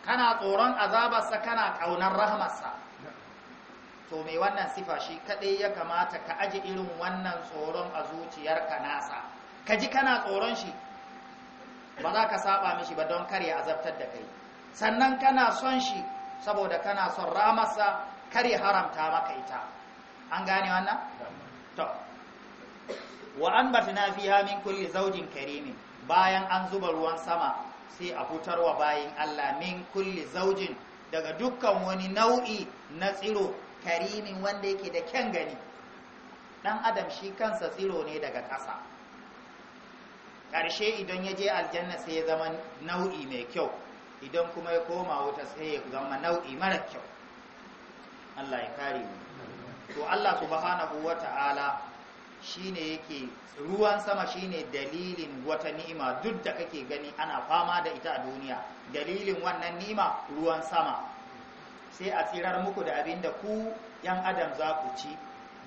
kana tsoron azabarsa kana ƙaunar rahmarsa to mai wannan sifa shi kadai ya kamata ka aji irin wannan tsoron a zuciyarka nasa ka ji kana tsoron shi ba za ka saba mishi ba don kar azabtar da kai sannan kana son shi saboda kana son ramarsa kar haramta maka ita an gane wannan to wa an batna fiya min kulli zaujin karimin bayan an zuba ruwan sama sai a hutarwa bayan Allah min kulli zawjin daga dukkan wani nau'i na tsiro karimin wanda yake da kyan gani dan adam shi kansa tsiro ne daga ƙasa Karshe idan ya je aljanna sai ya zama nau'i mai kyau idan kuma ya koma wuta sai ya zama nau'i mara kyau Allah ya kare mu to Allah subhanahu wata'ala shine yake ruwan sama shine dalilin wata ni'ima duk da kake gani ana fama da ita a duniya dalilin wannan ni'ima ruwan sama sai a tsirar muku da abin da ku yan adam za ku ci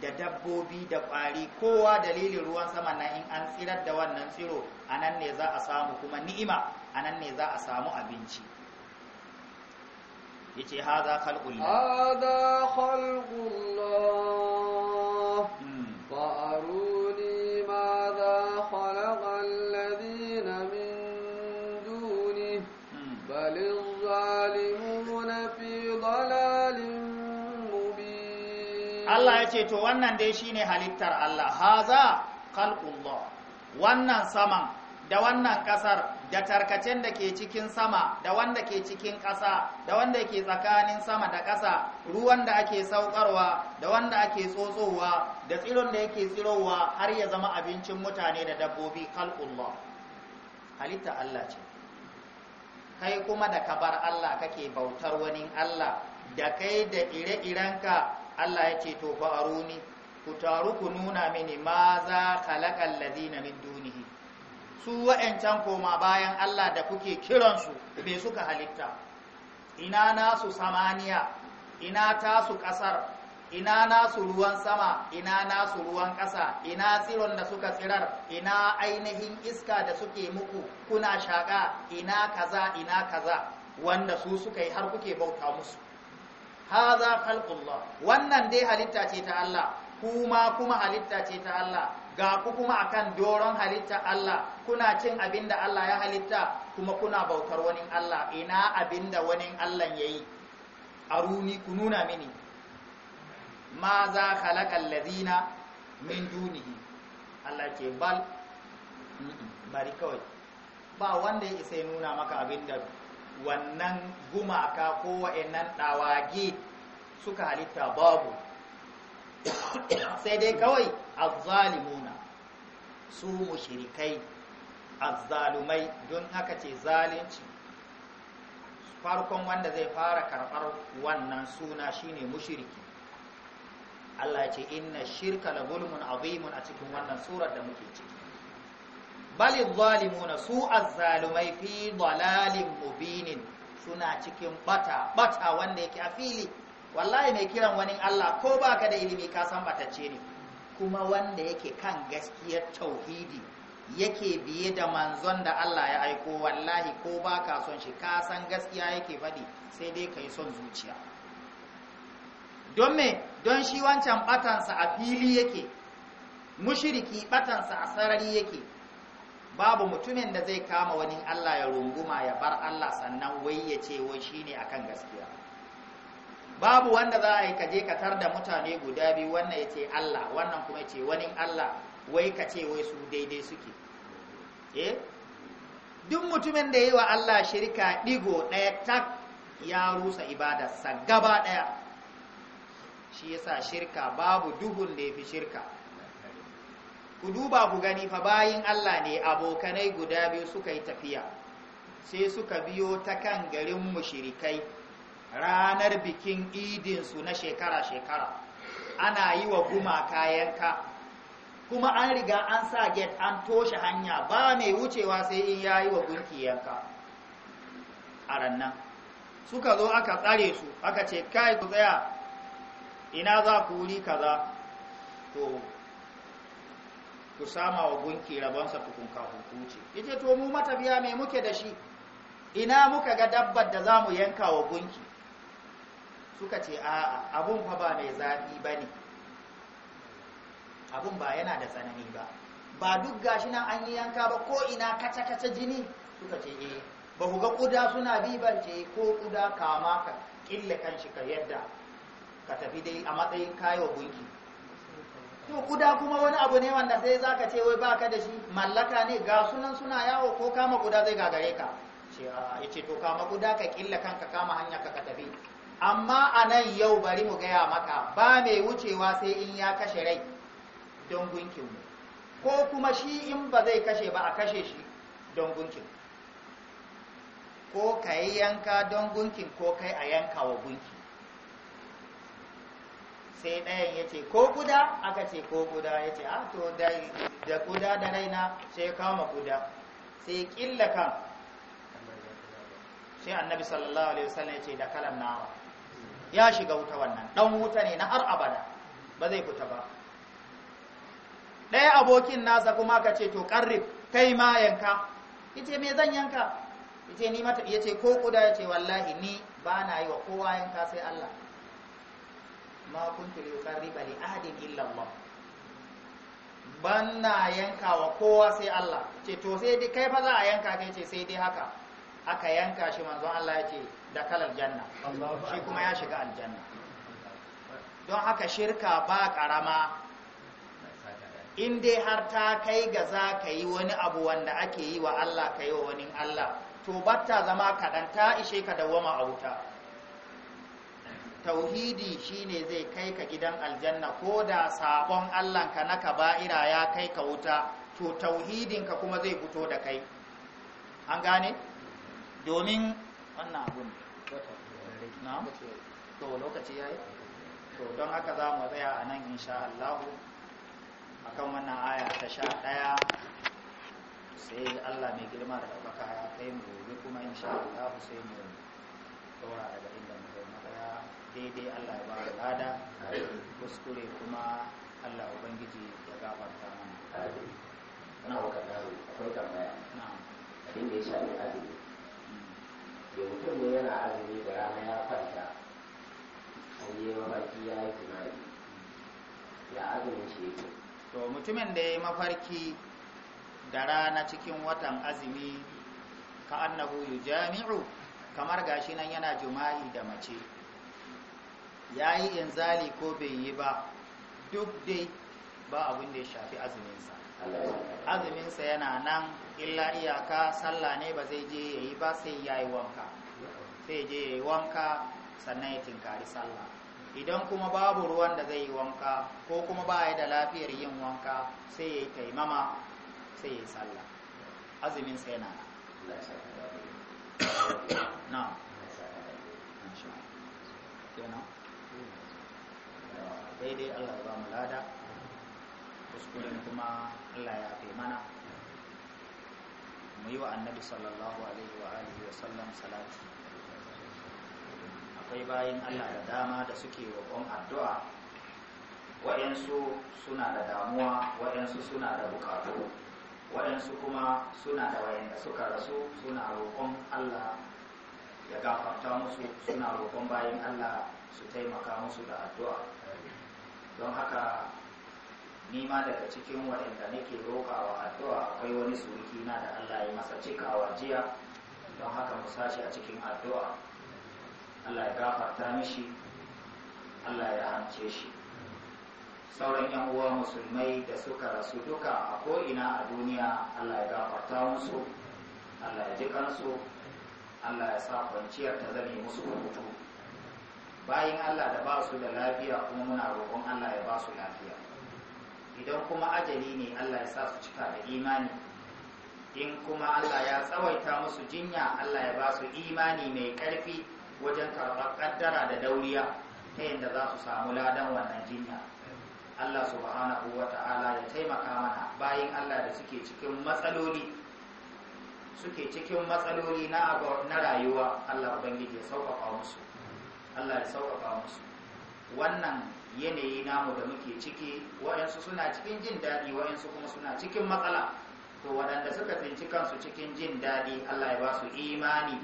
da dabbobi da ƙwari kowa dalilin ruwan sama na in an tsirar da wannan tsiro a nan ne za a samu kuma ni'ima a nan ne za a samu abinci ya ce haza khalƙullah haza khalƙullah hmm. ce to wannan dai shine halittar Allah haza khalqullah wannan saman da wannan kasar da tarkacen da ke cikin sama da wanda ke cikin ƙasa da wanda ke tsakanin sama da ƙasa ruwan da ake saukarwa da wanda ake tsotsowa da tsiron da yake tsirowa har ya zama abincin mutane da dabbobi khalqullah halitta Allah ce kai kuma da kabar Allah kake bautar wani Allah da kai da ire-irenka Allah ya ce to fa aruni ku taru ku nuna mini ma za khalaqal ladina min dunihi su wa'ancan koma bayan Allah da kuke kiransu bai suka halitta ina nasu samaniya ina tasu kasar ina nasu ruwan sama ina nasu ruwan ƙasa ina tsiron da suka tsirar ina ainihin iska da suke muku kuna shaƙa ina kaza ina kaza wanda su suka yi har kuke bauta musu haza khalqullah wannan dai halitta ce ta Allah kuma kuma halitta ce ta Allah ga ku kuma akan doron halitta Allah kuna cin abin da Allah ya halitta kuma kuna bautar wani Allah ina abin da wani Allah yayi aruni ku nuna mini ma za khalaqal ladina min dunihi Allah ke bal bari kawai ba wanda ya isa nuna maka abin da wannan gumaka ko wa'annan ɗawage suka halitta babu sai dai kawai azzalimuna su mushrikai azzalumai don haka ce zalunci farkon wanda zai fara karɓar wannan suna shine mushriki Allah ce inna shirka la zulmun azimun a cikin wannan surar da muke ciki bali zalimuna su azzalumai fi dalalin mubinin suna cikin bata bata wanda yake a fili wallahi mai kiran wani Allah ko baka da ilimi ka san batacce ne kuma wanda yake kan gaskiyar tauhidi yake biye da manzon da Allah ya aiko wallahi ko baka son shi ka san gaskiya yake faɗi sai dai kai son zuciya don me don shi wancan batansa a fili yake mushiriki batansa a sarari yake babu mutumin da zai kama wani Allah ya runguma ya bar Allah sannan wai ya ce wai shine akan gaskiya babu wanda za a yi kaje ka tar da mutane guda biyu wannan ya ce Allah wannan kuma ya ce wani Allah wai ka ce wai su daidai suke eh? duk mutumin da yi wa Allah shirka digo ɗaya tak ya rusa ibadarsa gaba ɗaya shi yasa shirka babu duhun da ya fi shirka ku duba ku gani fa bayin Allah ne abokanai guda biyu suka yi tafiya sai suka biyo ta kan garin mushirikai ranar bikin idinsu na shekara-shekara ana yi wa gumaka yanka kuma an riga an sa get an toshe hanya ba mai wucewa sai in ya yi wa gunki yanka a rannan suka zo aka tsare su aka ce kai ku tsaya ina za ku wuri kaza to ku sama wa gunki rabonsa tukun kafin yace to mu matafiya me muke da shi ina muka ga dabbar da zamu yanka wa gunki suka ce a'a abun fa ba mai zafi bane abun ba yana da tsanani ba ba duk gashi nan an yi yanka ba ko ina kace-kace jini suka ce eh ba ku ga kuda suna bibance ko kuda kama ka kille kanshi ka yadda ka tafi dai a matsayin kayo gunki to kuda kuma wani abu ne wanda sai zaka ce wai ba ka da shi mallaka ne ga sunan suna yawo ko kama kuda zai gagare ka ce a ce to kama kuda ka killa kanka kama hanya ka ka tafi amma a nan yau bari mu gaya maka ba mai wucewa sai in ya kashe rai don gunkinmu ko kuma shi in ba zai kashe ba a kashe shi don gunkin ko ka yi yanka don gunkin ko kai a yanka wa gunki sai ɗayan ya ce ko guda aka ce ko guda ya ce to da guda da raina sai ya kama guda sai ƙilla kan sai annabi sallallahu alaihi wasallam ya ce da kalan nawa ya shiga wuta wannan ɗan wuta ne na har abada ba zai fita ba ɗaya abokin nasa kuma ka ce to ƙarrib kai ma yanka ya ce me zan yanka ya ce ni mata ya ce ko guda ya ce wallahi ni ba na yi wa kowa yanka sai Allah ma kuntu li uqarriba li ahadin illa Allah banna wa kowa sai Allah ce to sai dai kai fa za a yanka kai ce sai dai haka aka yanka shi manzo Allah ya ce da kalal janna shi kuma ya shiga aljanna don haka shirka ba karama in dai har ta kai ga za ka yi wani abu wanda ake yi wa Allah ka yi wa wani Allah to batta zama kaɗan ta ishe ka dawwama a wuta tauhidi shine zai kai ka gidan aljanna ko da sabon allah ka na kaba'ira ya kai ka wuta to tauhidinka kuma zai fito da kai an gane domin wannan abun na to lokaci yayi to don haka za mu tsaya a nan insha Allah akan wannan aya ta sha ɗaya sai Allah mai girma da ɗaukaka ya kai mu gobe kuma insha Allah sai mu tsora daga inda mu kai matsaya daidai Allah ya bada lada kuskure kuma Allah ubangiji ya gafarta mana na waka dawo akwai tambaya Na. abin da ya shafi azumi da mutum ne yana azumi da rana ya kwanta an yi mafarki ya yi tunani ya azumin shi yake to mutumin da ya yi mafarki da rana cikin watan azumi ka annahu yujami'u kamar gashi nan yana jima'i da mace ya yi inzali ko bai yi ba duk dai ba abin da ya shafi azuminsa azuminsa yana nan illa iyaka sallah ne ba zai je ya yi ba sai ya yi wanka sai je ya yi wanka sannan ya tinkari sallah idan kuma babu ruwan da zai yi wanka ko kuma ba ya da lafiyar yin wanka sai ya yi taimama sai ya yi sallah azuminsa yana nan na no. daidai Allah ya ba mu lada kuskuren kuma Allah ya fi mana mu yi wa annabi sallallahu alaihi wa alihi wa sallam salati akwai bayin Allah da dama da suke roƙon addu'a waɗansu suna da damuwa waɗansu suna da buƙatu waɗansu kuma suna da wayan da suka rasu suna roƙon Allah ya gafarta musu suna roƙon bayan Allah su taimaka musu da addu'a don haka nima daga cikin waɗanda nake wa addu'a akwai wani suruki na da Allah ya masa cikawa jiya don haka mu sashi a cikin addu'a Allah ya gafarta mishi Allah ya hamce shi sauran yan uwa musulmai da suka rasu duka a ko'ina a duniya Allah ya gafarta musu Allah ya ji kansu Allah ya sa kwanciyar ta zame musu hutu bayin Allah da ba su da lafiya kuma muna roƙon Allah ya ba su lafiya idan kuma ajali ne Allah ya sa su cika da imani in kuma Allah ya tsawaita musu jinya Allah ya ba su imani mai ƙarfi wajen karɓar ƙaddara da dauriya ta yadda za su samu ladan wannan jinya Allah subhanahu wa ta'ala ya taimaka mana bayin Allah da suke cikin matsaloli suke cikin matsaloli na rayuwa Allah Ubangiji ya sauƙaƙa musu Allah ya sauƙaƙa musu wannan yanayi namu da muke ciki waɗansu suna cikin jin daɗi waɗansu kuma suna cikin matsala to waɗanda suka tsinci kansu cikin jin daɗi Allah ya ba su imani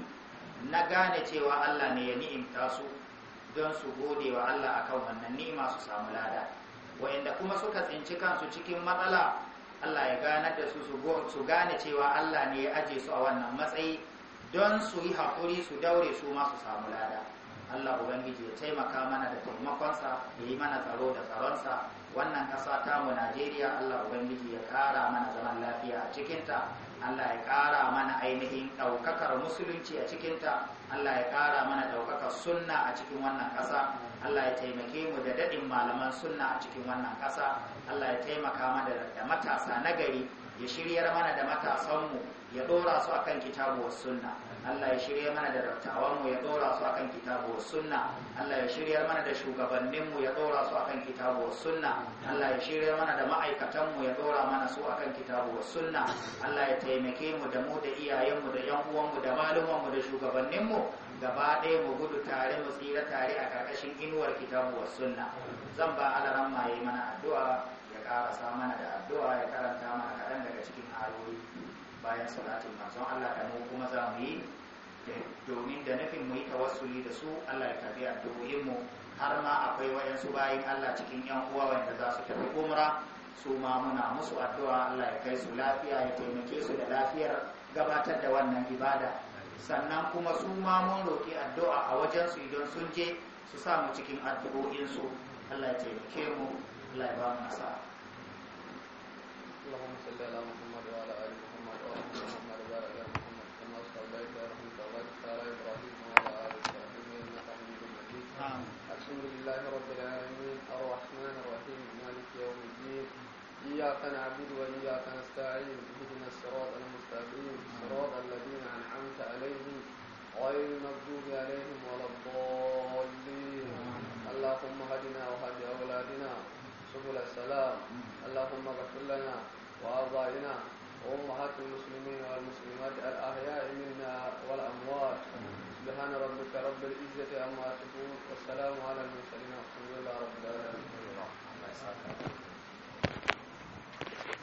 na gane cewa Allah ne ya ni'imta su don su gode wa Allah a kan wannan ni'ima su samu lada waɗanda kuma suka tsinci kansu cikin matsala Allah ya ganar da su su gane cewa Allah ne ya aje su a wannan matsayi don su yi haƙuri su daure su ma su samu lada Allah Ubangiji ya taimaka mana da taimakonsa ya yi mana tsaro da tsaronsa wannan ƙasa mu Najeriya Allah Ubangiji ya ƙara mana zaman lafiya a cikinta Allah ya ƙara mana ainihin ɗaukakar musulunci a cikinta Allah ya ƙara mana ɗaukakar sunna a cikin wannan ƙasa Allah ya taimake mu da daɗin malaman sunna a cikin wannan ƙasa Allah ya taimaka mana da matasa nagari ya shiryar mana da matasanmu ya dora su akan kitabu wa sunna Allah ya shirya mana da dattawan mu ya dora su akan kitabu wa sunna Allah ya shirya mana da shugabannin mu ya dora su akan kitabu wa sunna Allah ya shirya mana da ma'aikatan mu ya dora mana su akan kitabu wa sunna Allah ya taimake mu da mu da iyayenmu da yan uwan da malaman da shugabanninmu gaba ɗaya mu gudu tare mu tsira tare a ƙarƙashin inuwar kitabu wa sunna zan ba alaran maye mana addu'a ya ƙarasa mana da addu'a ya karanta mana kaɗan daga cikin ayoyi bayan salatin masu Allah da mu kuma za mu yi domin da nufin mu yi tawassuli da su Allah ya tafi addu'o'in mu har ma akwai wayansu bayin Allah cikin yan uwa wanda za su tafi umra su ma muna musu addu'a Allah ya kai su lafiya ya taimake su da lafiyar gabatar da wannan ibada sannan kuma su ma mun roƙi addu'a a wajen su idan sun je su sa mu cikin addu'o'in su Allah ya taimake mu Allah ya ba mu nasara Allahumma salli ala الله رب العالمين الرحمن الرحيم مالك يوم الدين إياك نعبد وإياك نستعين اهدنا الصراط المستقيم صراط الذين أنعمت عليهم غير المغضوب عليهم ولا الضالين اللهم هدنا وهد أولادنا سبل السلام اللهم اغفر لنا وآبائنا وأمهات المسلمين والمسلمات الأحياء منا والأموات سبحان ربك رب العزة عما يصفون والسلام على المرسلين والحمد لله رب العالمين